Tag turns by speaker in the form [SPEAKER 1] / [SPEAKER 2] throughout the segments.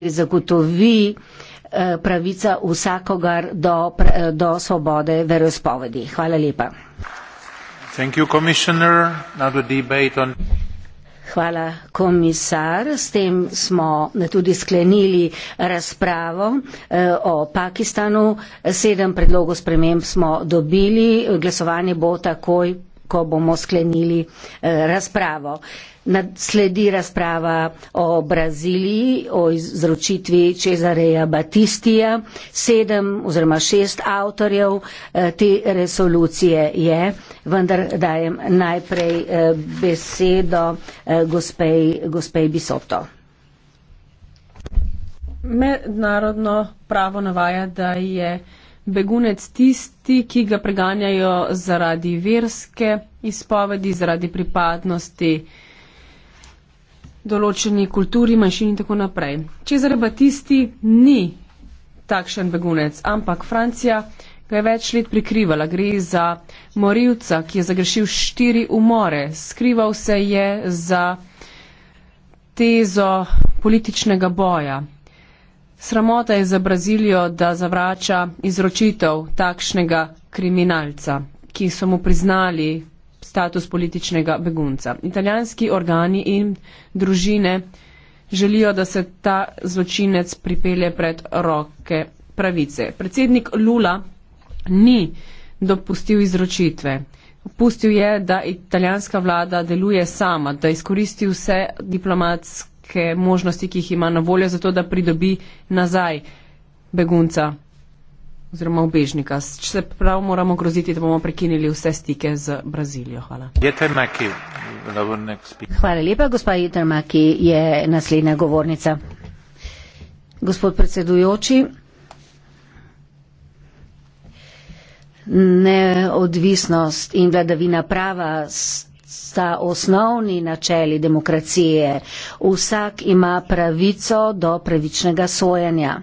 [SPEAKER 1] zagotovi eh, pravica vsakogar do, eh, do svobode verospovedi. Hvala lepa. Hvala, komisar. S tem smo tudi sklenili razpravo eh, o Pakistanu. Sedem predlogov sprememb smo dobili. Glasovanje bo takoj ko bomo sklenili eh, razpravo. Sledi razprava o Braziliji, o izročitvi Cezareja Batistija. Sedem oziroma šest avtorjev eh, te resolucije je, vendar dajem najprej eh, besedo gospej, gospej Bisoto.
[SPEAKER 2] Mednarodno pravo navaja, da je begunec tisti, ki ga preganjajo zaradi verske izpovedi, zaradi pripadnosti določeni kulturi, manjšini in tako naprej. Če zareba tisti ni takšen begunec, ampak Francija ga je več let prikrivala. Gre za morilca, ki je zagrešil štiri umore. Skrival se je za tezo političnega boja. Sramota je za Brazilijo, da zavrača izročitev takšnega kriminalca, ki so mu priznali status političnega begunca. Italijanski organi in družine želijo, da se ta zločinec pripelje pred roke pravice. Predsednik Lula ni dopustil izročitve. Pustil je, da italijanska vlada deluje sama, da izkoristi vse diplomatske neke eh, možnosti, ki jih ima na voljo, zato da pridobi nazaj begunca oziroma obežnika. Če se
[SPEAKER 3] prav moramo
[SPEAKER 2] groziti, da bomo prekinili vse stike z Brazilijo. Hvala.
[SPEAKER 1] Hvala lepa, gospa Jetermaki je naslednja govornica. Gospod predsedujoči, neodvisnost in vladavina prava. St- sta osnovni načeli demokracije. Vsak ima pravico do pravičnega sojanja.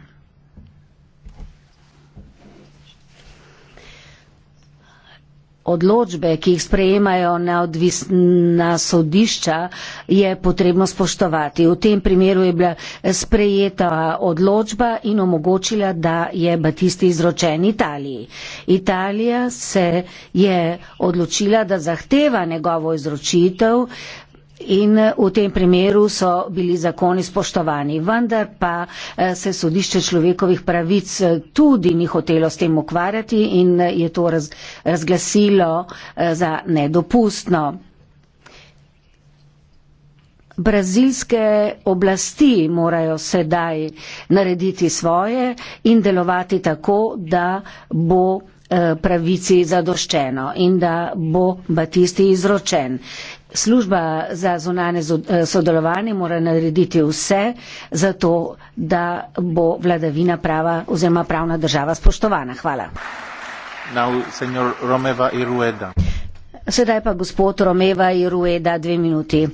[SPEAKER 1] odločbe, ki jih sprejemajo neodvisna sodišča, je potrebno spoštovati. V tem primeru je bila sprejeta odločba in omogočila, da je Batisti izročen Italiji. Italija se je odločila, da zahteva njegovo izročitev, In eh, v tem primeru so bili zakoni spoštovani, vendar pa eh, se sodišče človekovih pravic eh, tudi ni hotelo s tem ukvarjati in je to raz, razglasilo za nedopustno. Brazilske oblasti morajo sedaj narediti svoje in delovati tako, da bo. Eh, pravici zadoščeno in da bo Batisti izročen. Služba za zunanje eh, sodelovanje mora narediti vse za to, da bo vladavina prava oziroma pravna država spoštovana. Hvala. Now, Sedaj pa gospod Romeva Irueda, dve minuti.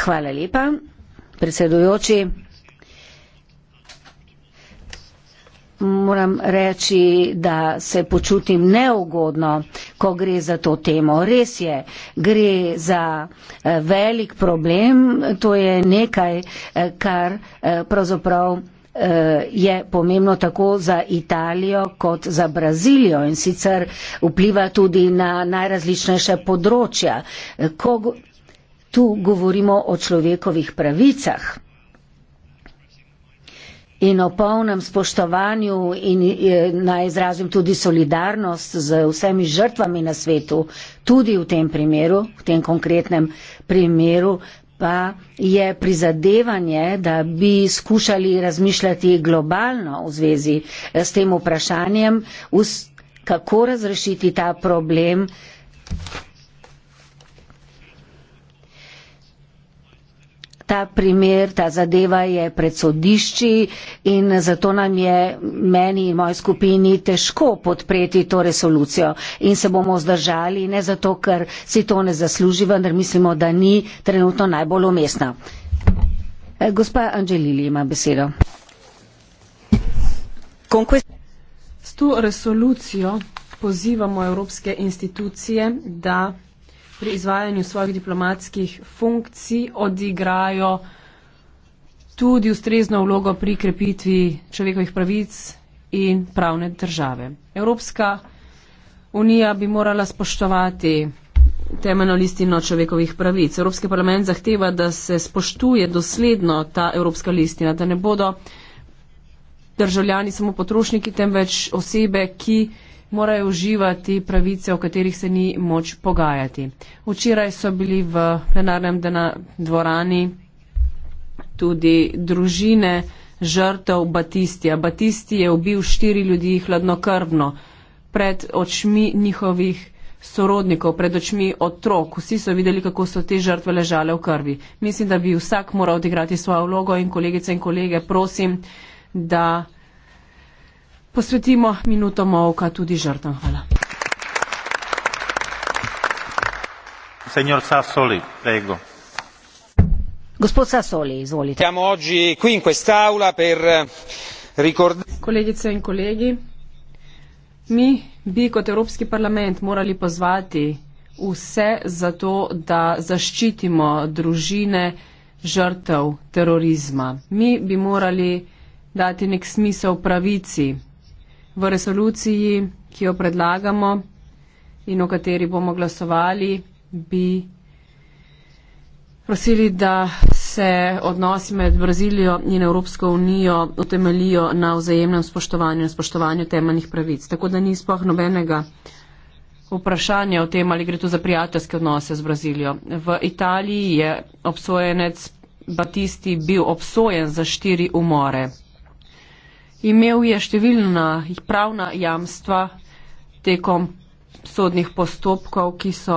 [SPEAKER 1] Hvala lepa, predsedujoči. Moram reči, da se počutim neugodno, ko gre za to temo. Res je, gre za eh, velik problem, to je nekaj, eh, kar eh, pravzaprav je pomembno tako za Italijo kot za Brazilijo in sicer vpliva tudi na najrazličnejše področja. Ko tu govorimo o človekovih pravicah. In o polnem spoštovanju in eh, naj izrazim tudi solidarnost z vsemi žrtvami na svetu, tudi v tem primeru, v tem konkretnem primeru, pa je prizadevanje, da bi skušali razmišljati globalno v zvezi eh, s tem vprašanjem, kako razrešiti ta problem ta primer, ta zadeva je pred sodišči in zato nam je meni in moji skupini težko podpreti to resolucijo in se bomo zdržali, ne zato, ker si to ne zasluži, vendar mislimo, da ni trenutno najbolj umestna. Eh, gospa Anželili ima besedo.
[SPEAKER 2] S to resolucijo pozivamo evropske institucije, da pri izvajanju svojih diplomatskih funkcij odigrajo tudi ustrezno vlogo pri krepitvi človekovih pravic in pravne države. Evropska unija bi morala spoštovati temeljno listino človekovih pravic. Evropski parlament zahteva, da se spoštuje dosledno ta evropska listina, da ne bodo državljani samo potrošniki, temveč osebe, ki morajo uživati pravice, o katerih se ni moč pogajati. Včeraj so bili v plenarnem dvorani tudi družine žrtev Batistija. Batisti je ubil štiri ljudi hladnokrvno pred očmi njihovih sorodnikov, pred očmi otrok. Vsi so videli, kako so te žrtve ležale v krvi. Mislim, da bi vsak moral odigrati svojo vlogo in kolegice in kolege, prosim, da posvetimo minuto molka tudi žrtvam. Hvala. Gospod Sassoli, izvolite. Eh, Kolegice in kolegi, mi bi kot Evropski parlament morali pozvati vse za to, da zaščitimo družine žrtev terorizma. Mi bi morali dati nek smisel pravici v resoluciji, ki jo predlagamo in o kateri bomo glasovali, bi prosili, da se odnosi med Brazilijo in Evropsko unijo utemelijo na vzajemnem spoštovanju in spoštovanju temeljnih pravic. Tako da ni spoh nobenega vprašanja o tem, ali gre tu za prijateljske odnose z Brazilijo. V Italiji je obsojenec Batisti bil obsojen za štiri umore. Imel je številna pravna jamstva tekom sodnih postopkov, ki so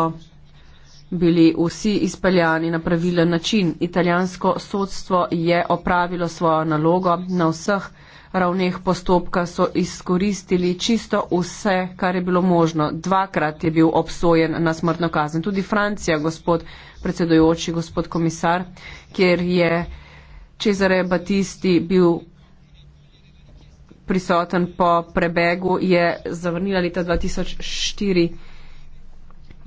[SPEAKER 2] bili vsi izpeljani na pravilen način. Italijansko sodstvo je opravilo svojo nalogo. Na vseh ravneh postopka so izkoristili čisto vse, kar je bilo možno. Dvakrat je bil obsojen na smrtno kazen. Tudi Francija, gospod predsedojoči, gospod komisar, kjer je Cezare Batisti bil prisoten po prebegu, je zavrnila leta 2004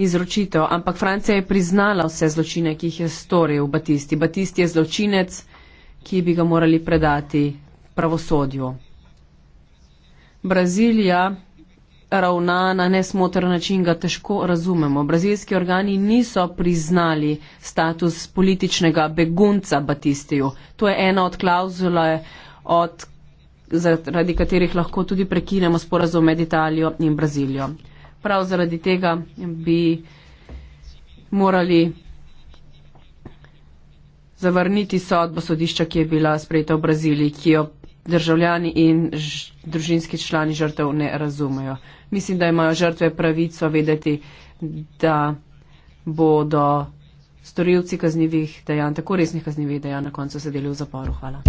[SPEAKER 2] izročitev. Ampak Francija je priznala vse zločine, ki jih je storil Batisti. Batisti je zločinec, ki bi ga morali predati pravosodju. Brazilija ravna na nesmotren način, ga težko razumemo. Brazilski organi niso priznali status političnega begunca Batistiju. To je ena od klauzule, od zaradi katerih lahko tudi prekinemo sporazum med Italijo in Brazilijo. Prav zaradi tega bi morali zavrniti sodbo sodišča, ki je bila sprejeta v Braziliji, ki jo državljani in družinski člani žrtev ne razumejo. Mislim, da imajo žrtve pravico vedeti, da bodo storilci kaznjivih dejanj, tako resnih kaznjivih dejanj, na koncu sedeli v zaporu. Hvala.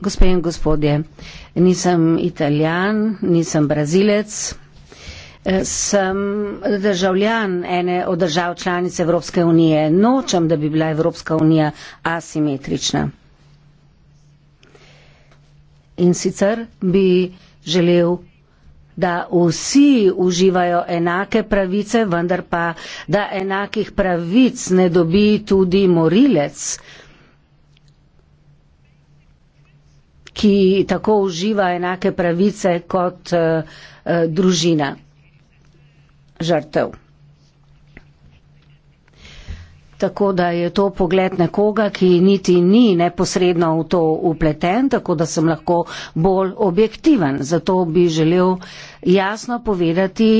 [SPEAKER 2] Gospe
[SPEAKER 1] in gospodje, nisem italijan, nisem brazilec, eh, sem državljan ene od držav članic Evropske unije. Nočem, da bi bila Evropska unija asimetrična. In sicer bi želel da vsi uživajo enake pravice, vendar pa, da enakih pravic ne dobi tudi morilec, ki tako uživa enake pravice kot uh, družina žrtev. Tako da je to pogled nekoga, ki niti ni neposredno v to upleten, tako da sem lahko bolj objektiven. Zato bi želel jasno povedati,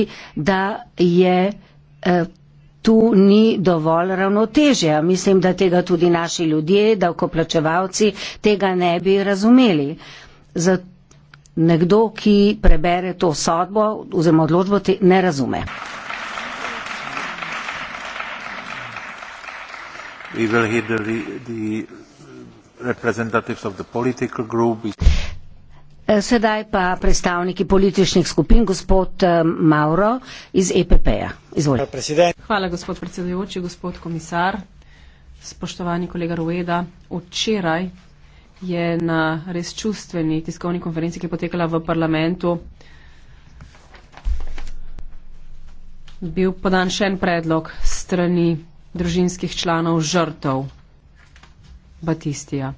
[SPEAKER 1] da je. Eh, Tu ni dovolj ravnotežja. Mislim, da tega tudi naši ljudje, davkoplačevalci, tega ne bi razumeli. Za nekdo, ki prebere to sodbo oziroma odločbo, te ne razume.
[SPEAKER 3] we will hear the, the representatives of the political group.
[SPEAKER 1] Eh, sedaj pa predstavniki političnih skupin, gospod eh, Mauro iz EPP-ja.
[SPEAKER 2] Izvolite. Hvala, gospod predsedujoči, gospod komisar, spoštovani kolega Rueda. Včeraj je na res čustveni tiskovni konferenci, ki je potekala v parlamentu, bil podan še en predlog strani družinskih članov žrtov Batistija.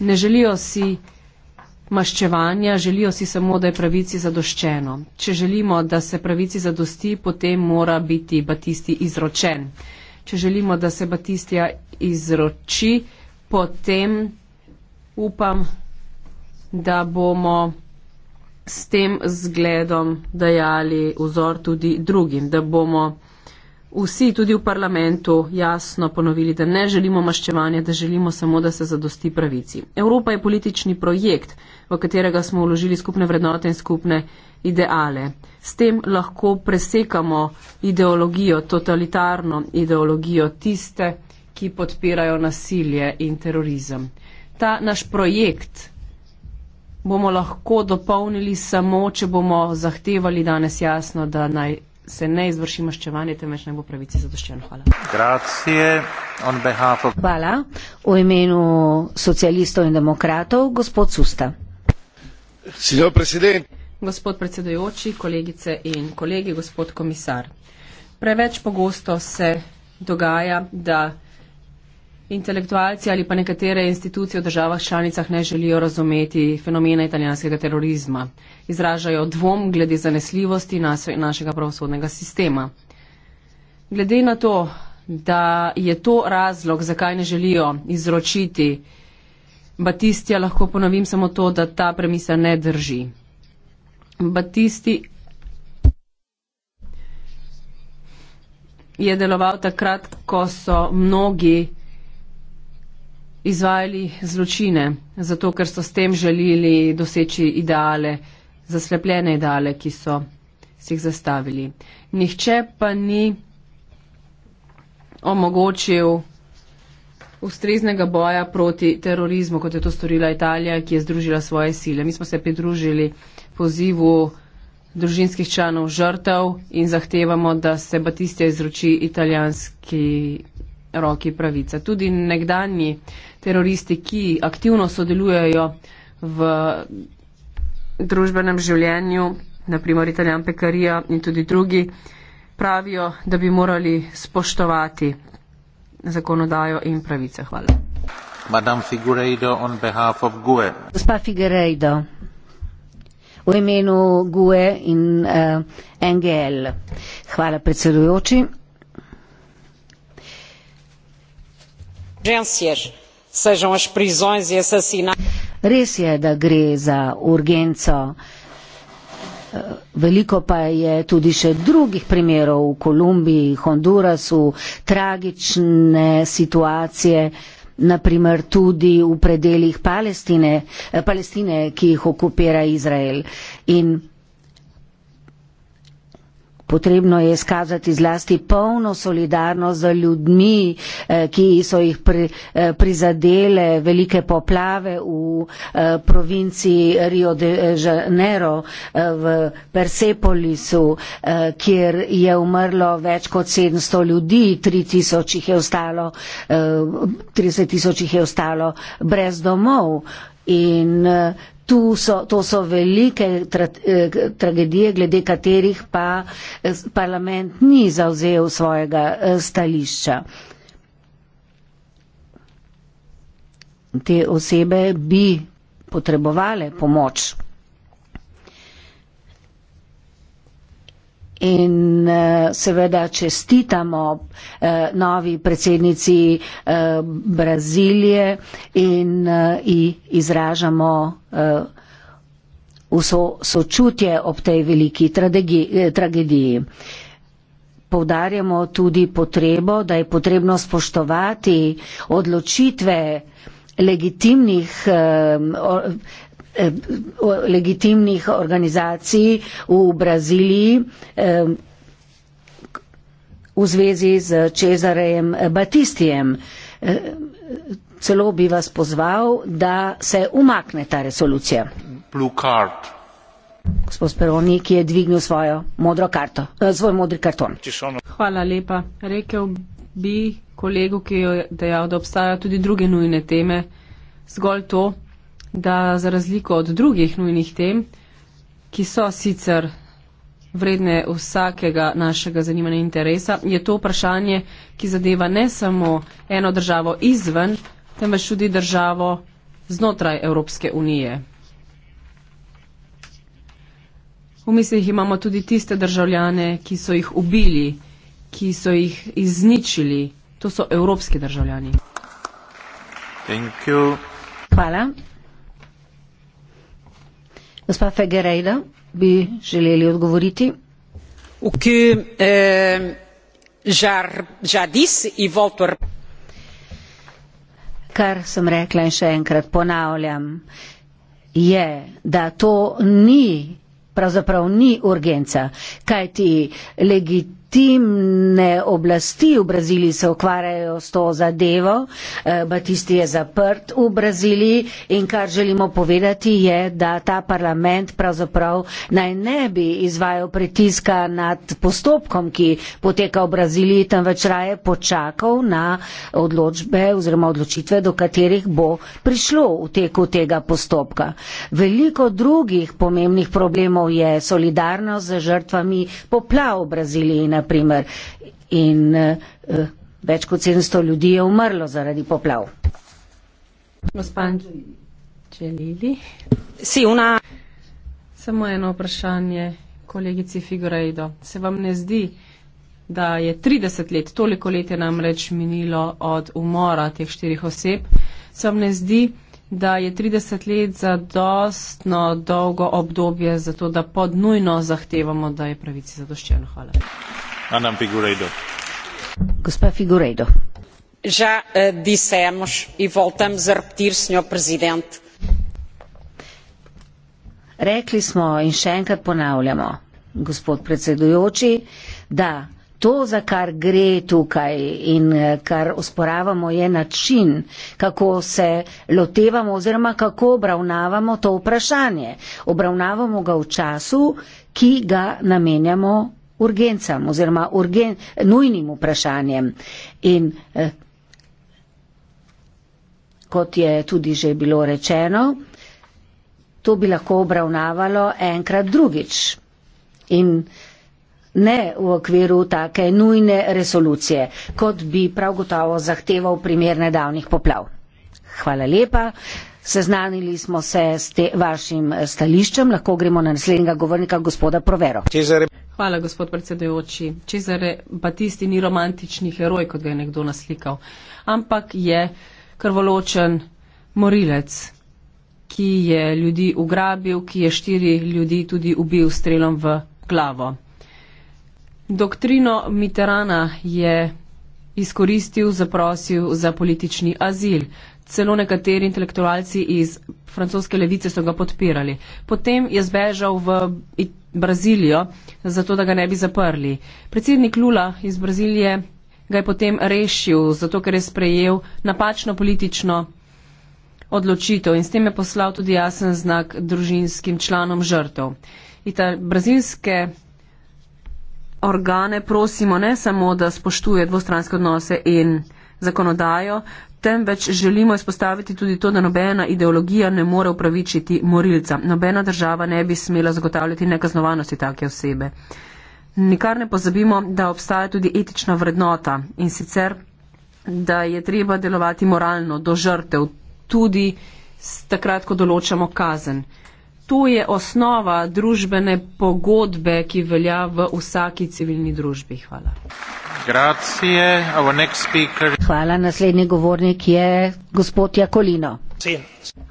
[SPEAKER 2] Ne želijo si maščevanja, želijo si samo, da je pravici zadoščeno. Če želimo, da se pravici zadosti, potem mora biti Batisti izročen. Če želimo, da se Batistija izroči, potem upam, da bomo s tem zgledom dajali vzor tudi drugim, da bomo vsi tudi v parlamentu jasno ponovili, da ne želimo maščevanja, da želimo samo, da se zadosti pravici. Evropa je politični projekt, v katerega smo vložili skupne vrednote in skupne ideale. S tem lahko presekamo ideologijo, totalitarno ideologijo tiste, ki podpirajo nasilje in terorizem. Ta naš projekt bomo lahko dopolnili samo, če bomo zahtevali danes jasno, da naj se ne izvrši maščevanje, temveč naj bo pravici zadoščen. Hvala.
[SPEAKER 3] Grazie. On behalf of...
[SPEAKER 1] Hvala. V imenu socialistov in demokratov, gospod Susta.
[SPEAKER 3] Signor Presidente.
[SPEAKER 2] Gospod predsedujoči, kolegice in kolegi, gospod komisar. Preveč pogosto se dogaja, da intelektualci ali pa nekatere institucije v državah članicah ne želijo razumeti fenomena italijanskega terorizma. Izražajo dvom glede zanesljivosti našega pravosodnega sistema. Glede na to, da je to razlog, zakaj ne želijo izročiti Batistija, lahko ponovim samo to, da ta premisa ne drži. Batisti je deloval takrat, ko so mnogi izvajali zločine, zato ker so s tem želeli doseči ideale, zaslepljene ideale, ki so si jih zastavili. Nihče pa ni omogočil ustreznega boja proti terorizmu, kot je to storila Italija, ki je združila svoje sile. Mi smo se pridružili pozivu družinskih članov žrtev in zahtevamo, da se Batistija izroči italijanski roki pravice. Tudi nekdanji teroristi, ki aktivno sodelujejo v družbenem življenju, naprimer Italijan Pekarija in tudi drugi, pravijo, da bi morali spoštovati zakonodajo in pravice. Hvala. Gospa
[SPEAKER 1] Figueiredo, v imenu GUE in uh, eh, NGL. Hvala predsedujoči. Gracias sejam as prisões e assassinatos. Res je, da gre za urgenco. Veliko pa je tudi še drugih primerov v Kolumbiji, Hondurasu, tragične situacije, naprimer tudi v predeljih Palestine, Palestine ki jih okupira Izrael. In Potrebno je izkazati zlasti polno solidarnost z ljudmi, eh, ki so jih pri, eh, prizadele velike poplave v eh, provinciji Rio de Janeiro v Persepolisu, kjer je umrlo več kot 700 ljudi, 3000 jih je ostalo, 30 tisoč jih je ostalo brez domov. In so, to so velike tra, eh, tragedije, glede katerih pa eh, parlament ni zauzel svojega eh, stališča. Te osebe bi potrebovale pomoč. In eh, seveda čestitamo eh, novi predsednici eh, Brazilije in izražamo vso sočutje ob tej veliki tragediji. Povdarjamo tudi potrebo, da je potrebno spoštovati odločitve legitimnih Eh, legitimnih organizacij v Braziliji eh, v zvezi z Čezarejem Batistijem. Eh, celo bi vas pozval, da se umakne ta resolucija. Gospod Speroni, ki je dvignil svojo modro karto, svoj modri karton.
[SPEAKER 2] Hvala lepa. Rekel bi kolegu, ki je dejal, da obstajajo tudi druge nujne teme. Zgolj to, da za razliko od drugih nujnih tem, ki so sicer vredne vsakega našega zanimanja in interesa, je to vprašanje, ki zadeva ne samo eno državo izven, temveč tudi državo znotraj Evropske unije. V mislih imamo tudi tiste državljane, ki so jih ubili, ki so jih izničili. To so evropski državljani. Hvala.
[SPEAKER 1] Gospa Fegerejda, bi želeli odgovoriti? Que, eh, já, já e a... Kar sem rekla in še enkrat ponavljam, je, da to ni, pravzaprav ni urgenca, kajti legitimno legitimne oblasti v Braziliji se ukvarjajo s to zadevo. Eh, Batisti je zaprt v Braziliji in kar želimo povedati je, da ta parlament pravzaprav naj ne bi izvajal pritiska nad postopkom, ki poteka v Braziliji, temveč raje počakal na odločbe oziroma odločitve, do katerih bo prišlo v teku tega postopka. Veliko drugih pomembnih problemov je solidarnost z žrtvami poplav v Braziliji. Na naprimer. In uh, več kot 700 ljudi je umrlo zaradi poplav.
[SPEAKER 2] Si, una... Samo eno vprašanje, kolegici Figurejdo. Se vam ne zdi, da je 30 let, toliko let je namreč minilo od umora teh štirih oseb, se vam ne zdi, da je 30 let za dostno dolgo obdobje, zato da podnujno zahtevamo, da je pravici zadoščeno? Hvala gospa figueiredo já eh, dissemos e voltamos a repetir senhor presidente
[SPEAKER 1] rekli smo in še enkrat ponavljamo gospod predsedujoči da to za kar gre tukaj in eh, kar usporavamo je način kako se lotevamo oziroma kako obravnavamo to vprašanje obravnavamo ga v času ki ga namenjamo urgencam oziroma urgen, nujnim vprašanjem. In eh, kot je tudi že bilo rečeno, to bi lahko obravnavalo enkrat drugič in ne v okviru take nujne resolucije, kot bi prav gotovo zahteval primer nedavnih poplav. Hvala lepa. Seznanili smo se s te, vašim eh, stališčem, lahko gremo na naslednjega govornika, gospoda Provero.
[SPEAKER 2] Cezare. Hvala, gospod predsedujoči. Čezare Batisti ni romantični heroj, kot ga je nekdo naslikal, ampak je krvoločen morilec, ki je ljudi ugrabil, ki je štiri ljudi tudi ubil strelom v glavo. Doktrino Mitterana je izkoristil, zaprosil za politični azil celo nekateri intelektualci iz francoske levice so ga podpirali. Potem je zbežal v Brazilijo, zato da ga ne bi zaprli. Predsednik Lula iz Brazilije ga je potem rešil, zato ker je sprejel napačno politično odločitev in s tem je poslal tudi jasen znak družinskim članom žrtev. Ita brazilske organe prosimo ne samo, da spoštuje dvostranske odnose in zakonodajo, temveč želimo izpostaviti tudi to, da nobena ideologija ne more upravičiti morilca. Nobena država ne bi smela zagotavljati nekaznovanosti take osebe. Nikar ne pozabimo, da obstaja tudi etična vrednota in sicer, da je treba delovati moralno do žrtev, tudi takrat, ko določamo kazen tu je osnova družbene pogodbe, ki velja v vsaki civilni družbi. Hvala.
[SPEAKER 3] Grazie, our next speaker. Hvala,
[SPEAKER 2] naslednji
[SPEAKER 1] govornik je gospod Jakolino.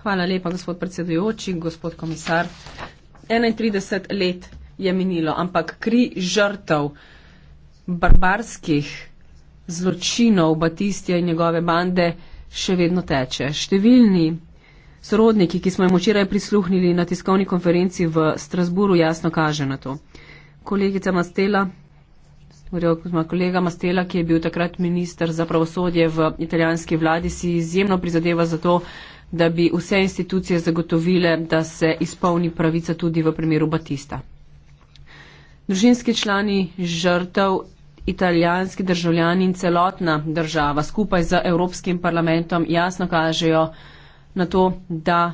[SPEAKER 2] Hvala lepa, gospod predsedujoči, gospod komisar. 31 let je minilo, ampak kri žrtev barbarskih zločinov Batistija in njegove bande še vedno teče. Številni sorodniki, ki smo jim včeraj prisluhnili na tiskovni konferenci v Strasburu, jasno kaže na to. Kolegica Mastela, torej, kolega Mastela, ki je bil takrat minister za pravosodje v italijanski vladi, si izjemno prizadeva za to, da bi vse institucije zagotovile, da se izpolni pravica tudi v primeru Batista. Družinski člani žrtev, italijanski državljani in celotna država skupaj z Evropskim parlamentom jasno kažejo, na to, da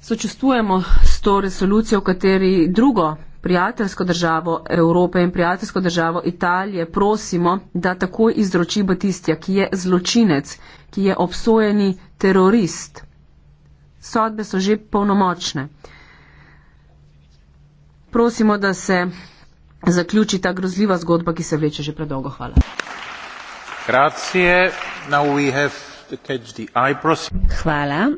[SPEAKER 2] sočustvujemo s to resolucijo, v kateri drugo prijateljsko državo Evrope in prijateljsko državo Italije prosimo, da takoj izroči Batistija, ki je zločinec, ki je obsojeni terorist. Sodbe so že polnomočne. Prosimo, da se zaključi ta grozljiva zgodba, ki se vleče že predolgo. Hvala.
[SPEAKER 3] Grazie. Now we have...
[SPEAKER 2] Hvala.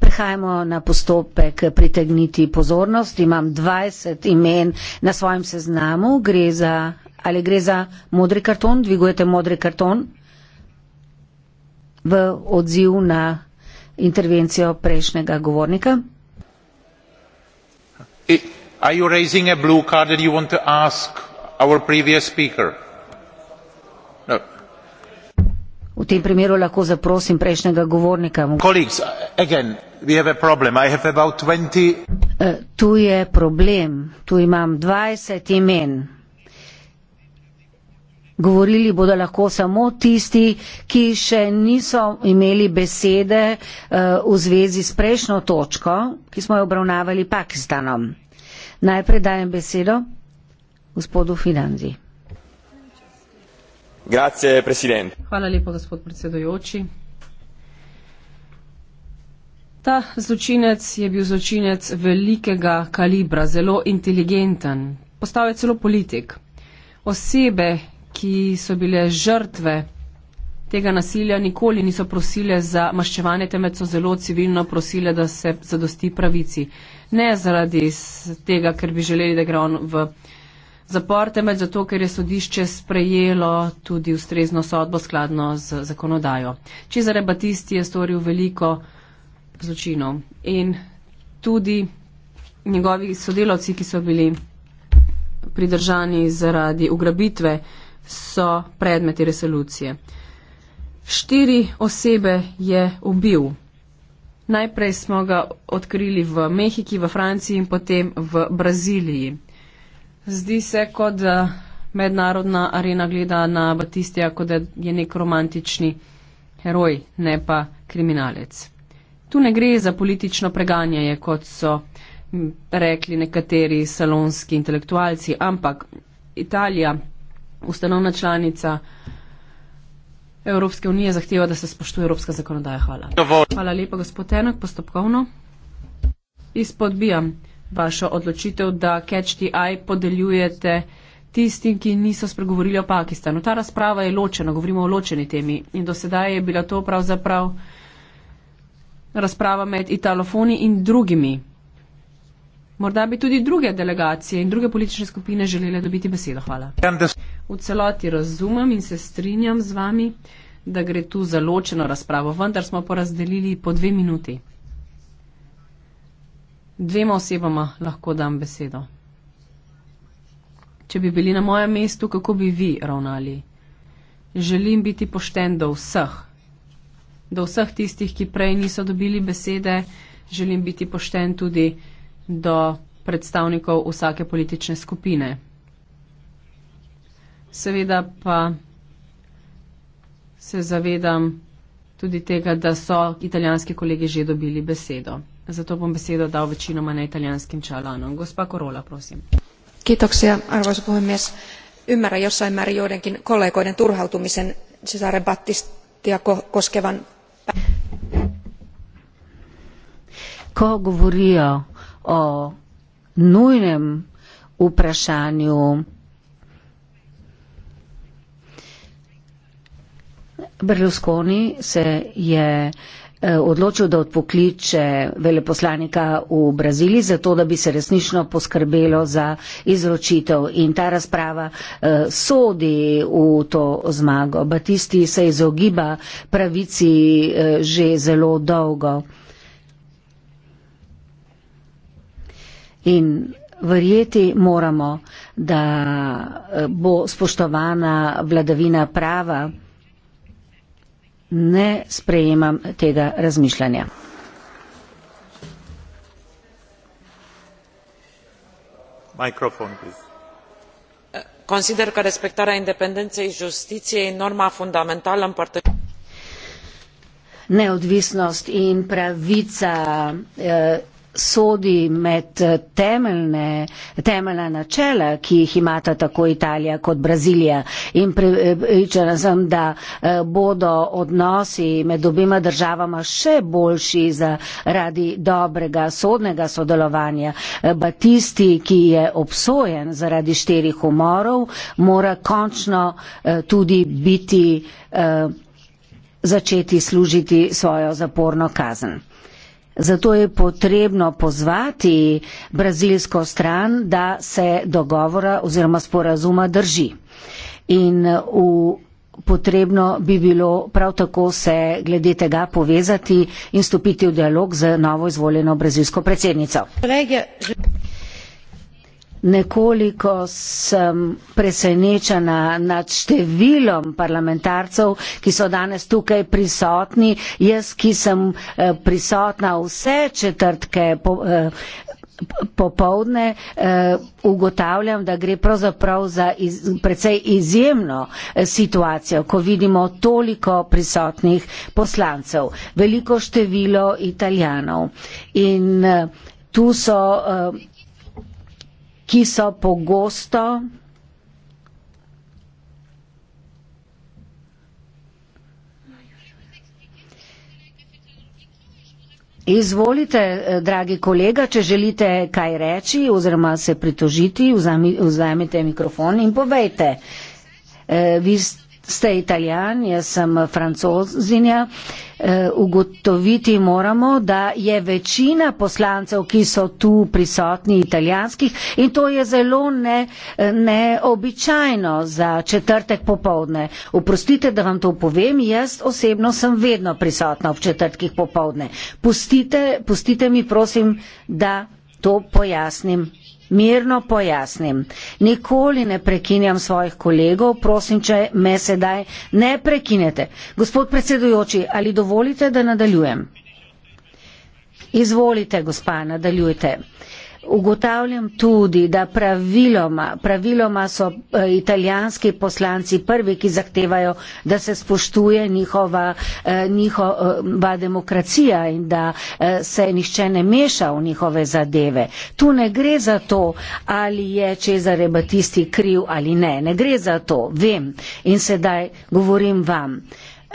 [SPEAKER 2] Prehajamo
[SPEAKER 1] na postopek pritegniti pozornost. Imam 20 imen na svojem seznamu. Gre za, ali gre za modri karton? Dvigujete modri karton v odziv na intervencijo prejšnjega govornika?
[SPEAKER 3] Are you raising a blue card that you want to ask our previous speaker? No.
[SPEAKER 1] V tem primeru lahko zaprosim prejšnjega govornika. Kolegs,
[SPEAKER 3] again, we have a problem. I have about 20.
[SPEAKER 1] E, tu je problem. Tu imam 20 imen. Govorili bodo lahko samo tisti, ki še niso imeli besede e, v zvezi s prejšnjo točko, ki smo jo obravnavali Pakistanom. Najprej dajem besedo gospodu Finanzi.
[SPEAKER 2] Grazie, predsednik. Hvala lepo, gospod predsedujoči. Ta zločinec je bil zločinec velikega kalibra, zelo inteligenten. Postal je celo politik. Osebe, ki so bile žrtve tega nasilja, nikoli niso prosile za maščevanje, temveč so zelo civilno prosile, da se zadosti pravici. Ne zaradi tega, ker bi želeli, da gre on v zapor, temveč zato, ker je sodišče sprejelo tudi ustrezno sodbo skladno z zakonodajo. Čezare Batisti je storil veliko zločinov in tudi njegovi sodelavci, ki so bili pridržani zaradi ugrabitve, so predmeti resolucije. Štiri osebe je ubil. Najprej smo ga odkrili v Mehiki, v Franciji in potem v Braziliji. Zdi se, kot da mednarodna arena gleda na Batistija, kot da je nek romantični heroj, ne pa kriminalec. Tu ne gre za politično preganjanje, kot so rekli nekateri salonski intelektualci, ampak Italija, ustanovna članica Evropske unije, zahteva, da se spoštuje evropska zakonodaja. Hvala. Hvala lepa, gospod Enak, postopkovno. Izpodbijam vašo odločitev, da Catch the Eye podeljujete tistim, ki niso spregovorili o Pakistanu. Ta razprava je ločena, govorimo o ločeni temi. In do sedaj je bila to pravzaprav razprava med italofoni in drugimi. Morda bi tudi druge delegacije in druge politične skupine želele dobiti besedo. Hvala. V celoti razumem in se strinjam z vami, da gre tu za ločeno razpravo, vendar smo porazdelili po dve minuti dvema osebama lahko dam besedo. Če bi bili na mojem mestu, kako bi vi ravnali? Želim biti pošten do vseh. Do vseh tistih, ki prej niso dobili besede, želim biti pošten tudi do predstavnikov vsake politične skupine. Seveda pa se zavedam tudi tega, da so italijanski kolegi že dobili besedo. Zato bom besedo dal večinoma na italijanskim čalanom. Gospa Korola, prosim.
[SPEAKER 4] Kiitoksia, arvoisa puhemies. Ymmärrän jossain määrin joidenkin kollegoiden turhautumisen Cesare Battistia koskevan
[SPEAKER 1] Ko govorijo o nujnem vprašanju Berlusconi se je eh, odločil, da odpokliče veleposlanika v Braziliji, zato da bi se resnično poskrbelo za izročitev. In ta razprava eh, sodi v to zmago. Batisti se izogiba pravici eh, že zelo dolgo. In verjeti moramo, da eh, bo spoštovana vladavina prava ne sprejemam tega razmišljanja.
[SPEAKER 2] Consider că respectarea independenței justiției e norma fundamentală în partea.
[SPEAKER 1] Neodvisnost in pravica uh, sodi med eh, temeljne, temeljna načela, ki jih imata tako Italija kot Brazilija. In eh, pričana sem, da eh, bodo odnosi med obima državama še boljši zaradi dobrega sodnega sodelovanja. Batisti, ki je obsojen zaradi štirih umorov, mora končno tudi biti začeti služiti svojo zaporno kazen. Zato je potrebno pozvati brazilsko stran, da se dogovora oziroma sporazuma drži. In v potrebno bi bilo prav tako se glede tega povezati in stopiti v dialog z novo izvoljeno brazilsko predsednico. Kolege, že... Nekoliko sem presenečena nad številom parlamentarcev, ki so danes tukaj prisotni. Jaz, ki sem eh, prisotna vse četrtke eh, popovdne, eh, ugotavljam, da gre pravzaprav za iz, precej izjemno situacijo, ko vidimo toliko prisotnih poslancev, veliko število italijanov. In tu so ki so pogosto Izvolite, eh, dragi kolega, če želite kaj reči oziroma se pritožiti, vzamite mikrofon in povejte. E, vi ste ste italijan, jaz sem francozinja, e, ugotoviti moramo, da je večina poslancev, ki so tu prisotni italijanskih in to je zelo ne, neobičajno za četrtek popovdne. Uprostite, da vam to povem, jaz osebno sem vedno prisotna v četrtkih popovdne. Pustite, pustite mi prosim, da to pojasnim. Mirno pojasnim. Nikoli ne prekinjam svojih kolegov, prosim, če me sedaj ne prekinete. Gospod predsedujoči, ali dovolite, da nadaljujem? Izvolite, gospa, nadaljujte. Ugotavljam tudi, da praviloma, praviloma so eh, italijanski poslanci prvi, ki zahtevajo, da se spoštuje njihova, eh, njihova demokracija in da eh, se nišče ne meša v njihove zadeve. Tu ne gre za to, ali je Čezare Batisti kriv ali ne. Ne gre za to. Vem. In sedaj govorim vam.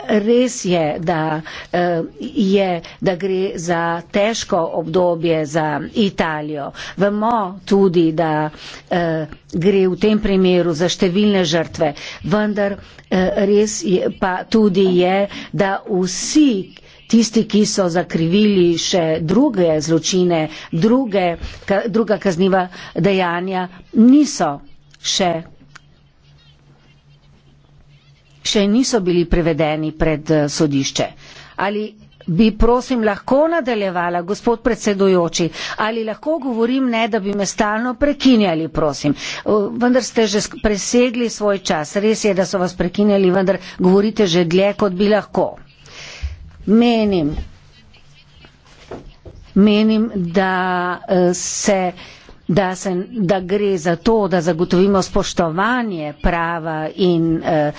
[SPEAKER 1] Res je, da, eh, je, da gre za težko obdobje za Italijo. Vemo tudi, da eh, gre v tem primeru za številne žrtve, vendar eh, res je, pa tudi je, da vsi tisti, ki so zakrivili še druge zločine, druge, druga kazniva dejanja, niso še še niso bili prevedeni pred eh, sodišče. Ali bi prosim lahko nadaljevala, gospod predsedujoči, ali lahko govorim ne, da bi me stalno prekinjali, prosim. Vendar ste že presegli svoj čas. Res je, da so vas prekinjali, vendar govorite že dlje, kot bi lahko. Menim, menim da eh, se. Uh, da, se, da gre za to, da zagotovimo spoštovanje prava in, eh,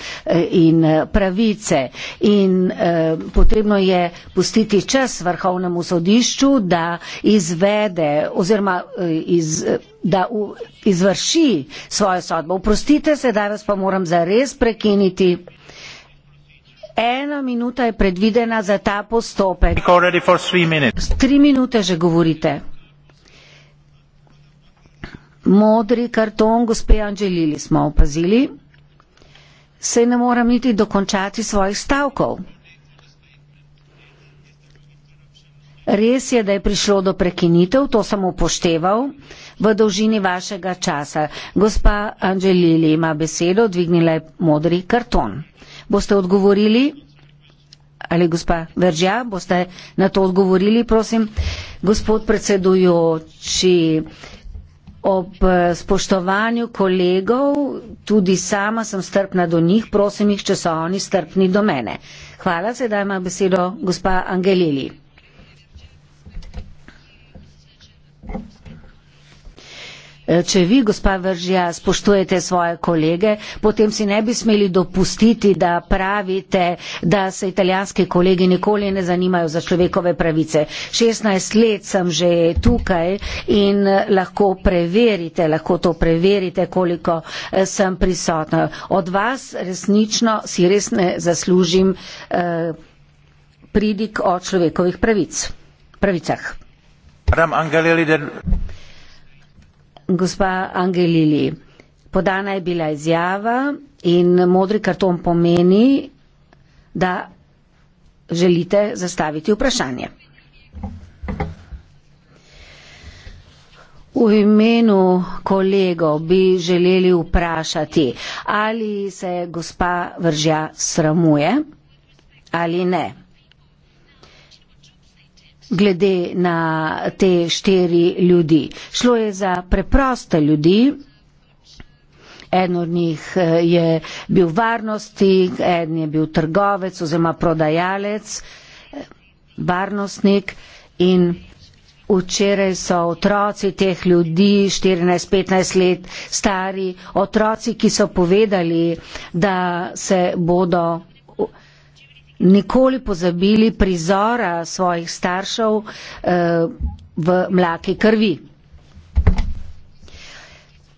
[SPEAKER 1] in eh, pravice. In eh, potrebno je pustiti čas vrhovnemu sodišču, da izvede oziroma iz da izvrši svojo sodbo. Oprostite se, da vas pa moram zares prekiniti. Ena minuta je predvidena za ta postopek.
[SPEAKER 3] Tri minute že govorite
[SPEAKER 1] modri karton, gospe Anželili smo opazili, se ne moram niti dokončati svojih stavkov. Res je, da je prišlo do prekinitev, to sem upošteval v dolžini vašega časa. Gospa Anželili ima besedo, dvignila je modri karton. Boste odgovorili? Ali gospa Veržja, boste na to odgovorili, prosim? Gospod predsedujoči, ob eh, spoštovanju kolegov, tudi sama sem strpna do njih, prosim jih, če so oni strpni do mene. Hvala, sedaj ima besedo gospa Angelili. E, če vi, gospa Vržja, spoštujete svoje kolege, potem si ne bi smeli dopustiti, da pravite, da se italijanski kolegi nikoli ne zanimajo za človekove pravice. 16 let sem že tukaj in lahko preverite, lahko to preverite, koliko e, sem prisotna. Od vas resnično si res ne zaslužim eh, pridik o človekovih pravic, pravicah.
[SPEAKER 3] Ram Angelili, da
[SPEAKER 1] gospa Angelili. Podana je bila izjava in modri karton pomeni, da želite zastaviti vprašanje. V imenu kolego bi želeli vprašati, ali se gospa Vržja sramuje ali ne glede na te štiri ljudi. Šlo je za preproste ljudi. En od njih eh, je bil varnostnik, en je bil trgovec oziroma prodajalec, eh, varnostnik in včeraj so otroci teh ljudi, 14-15 let stari, otroci, ki so povedali, da se bodo nikoli pozabili prizora svojih staršev uh, v mlaki krvi.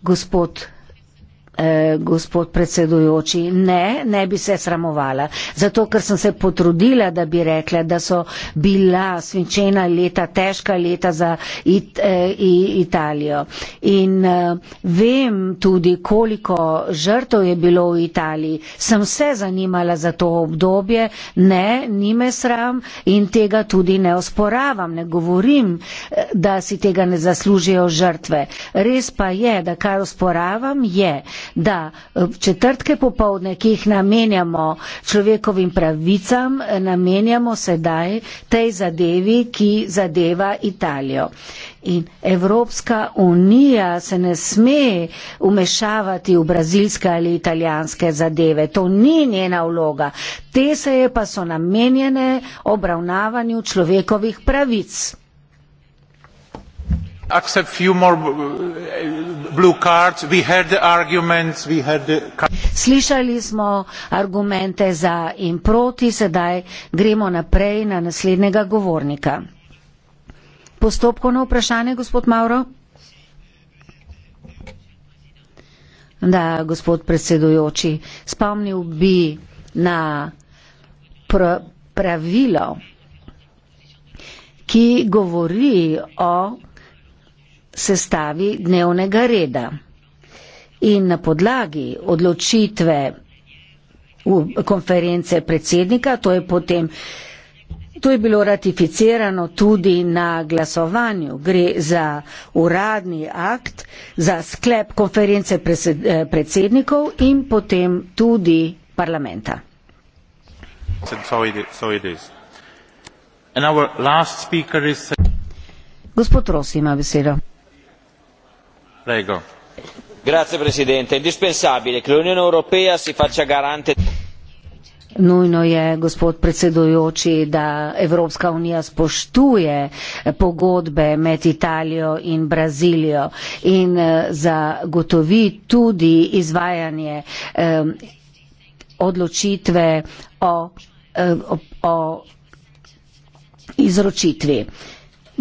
[SPEAKER 1] Gospod Eh, gospod predsedujoči. Ne, ne bi se sramovala. Zato, ker sem se potrudila, da bi rekla, da so bila svinčena leta, težka leta za it, eh, i, Italijo. In eh, vem tudi, koliko žrtov je bilo v Italiji. Sem se zanimala za to obdobje. Ne, ni me sram in tega tudi ne osporavam. Ne govorim, eh, da si tega ne zaslužijo žrtve. Res pa je, da kar osporavam je, da eh, četrtke popovdne, ki jih namenjamo človekovim pravicam, eh, namenjamo sedaj tej zadevi, ki zadeva Italijo. In Evropska unija se ne sme umešavati v brazilske ali italijanske zadeve. To ni njena vloga. Te seje pa so namenjene obravnavanju človekovih pravic
[SPEAKER 3] accept few more uh, blue cards we heard the arguments we heard the
[SPEAKER 1] Slišali smo argumente za in proti sedaj gremo naprej na naslednjega govornika Postopkovno vprašanje gospod Mauro Da gospod predsedujoči spomnil bi na pr pravilo ki govori o sestavi dnevnega reda. In na podlagi odločitve konference predsednika, to je potem, to je bilo ratificirano tudi na glasovanju, gre za uradni akt, za sklep konference eh, predsednikov in potem tudi parlamenta. Gospod Ros ima besedo
[SPEAKER 3] signor presidente è
[SPEAKER 1] indispensabile che l'unione europea si faccia garante. nujno je gospod predsedujoči da evropska unija spoštuje pogodbe med italijo in brazilijo in eh, zagotovi tudi izvajanje eh, odločitve o, eh, o izročitvi. Eh,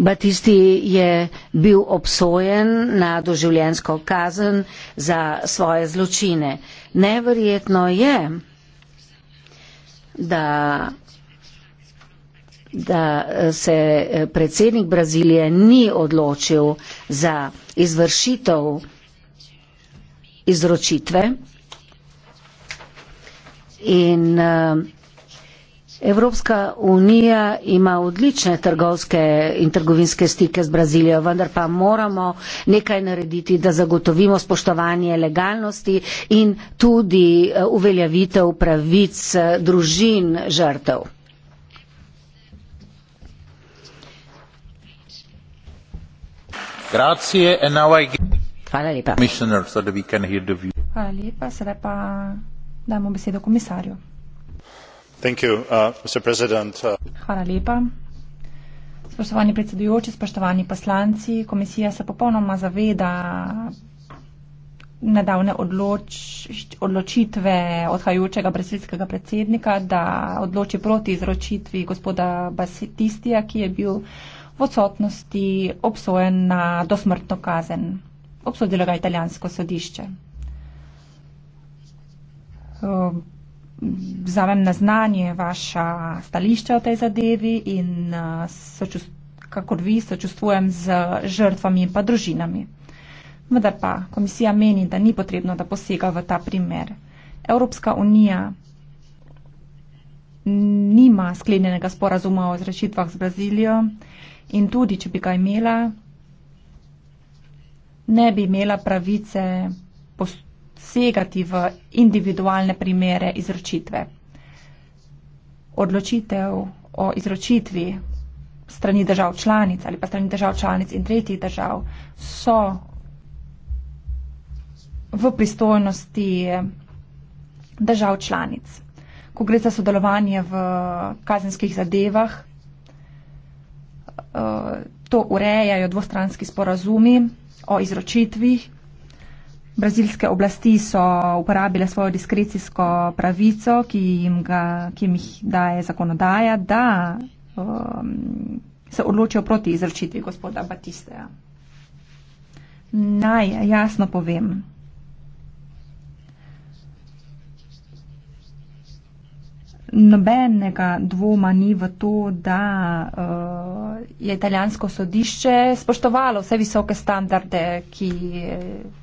[SPEAKER 1] Batisti je bil obsojen na doživljensko kazen za svoje zločine. Neverjetno je, da, da eh, se eh, predsednik Brazilije ni odločil za izvršitev izročitve in uh, Evropska unija ima odlične trgovske in trgovinske stike z Brazilijo, vendar pa moramo nekaj narediti, da zagotovimo spoštovanje legalnosti in tudi eh, uveljavitev pravic eh, družin žrtev.
[SPEAKER 3] Hvala lepa.
[SPEAKER 4] Hvala lepa, sedaj pa damo besedo komisarju.
[SPEAKER 3] Uh, uh,
[SPEAKER 4] spoštovani predsedujoči, spoštovani poslanci, komisija se popolnoma zaveda nedavne odloč, odločitve odhajajočega brazilskega predsednika, da odloči proti izročitvi gospoda Basitistija, ki je bil v odsotnosti obsojen na dosmrtno kazen. Obsodilo ga italijansko sodišče. Uh, vzamem na znanje vaša stališča o tej zadevi in uh, kakor vi sočustvujem z žrtvami in pa družinami. Vendar pa komisija meni, da ni potrebno, da posega v ta primer. Evropska unija nima sklenjenega sporazuma o zrešitvah z Brazilijo in tudi, če bi ga imela, ne bi imela pravice segati v individualne primere izročitve. Odločitev o izročitvi strani držav članic ali pa strani držav članic in tretjih držav so v pristojnosti držav članic. Ko gre za sodelovanje v kazenskih zadevah, eh, to urejajo dvostranski sporazumi o izročitvih Brazilske oblasti so uporabile svojo diskrecijsko pravico, ki jim, ga, ki jim jih daje zakonodaja, da um, se odločijo proti izročitvi gospoda Batisteja. Naj jasno povem. Nobenega dvoma ni v to, da uh, je italijansko sodišče spoštovalo vse visoke standarde, ki. Uh,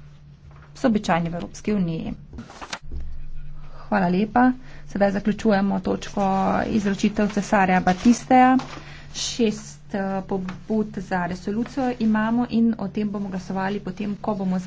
[SPEAKER 4] so običajni v Evropski uniji. Hvala lepa. Sedaj zaključujemo točko izročitev cesarja Batisteja. Šest eh, pobud za resolucijo imamo in o tem bomo glasovali potem, ko bomo zaključili.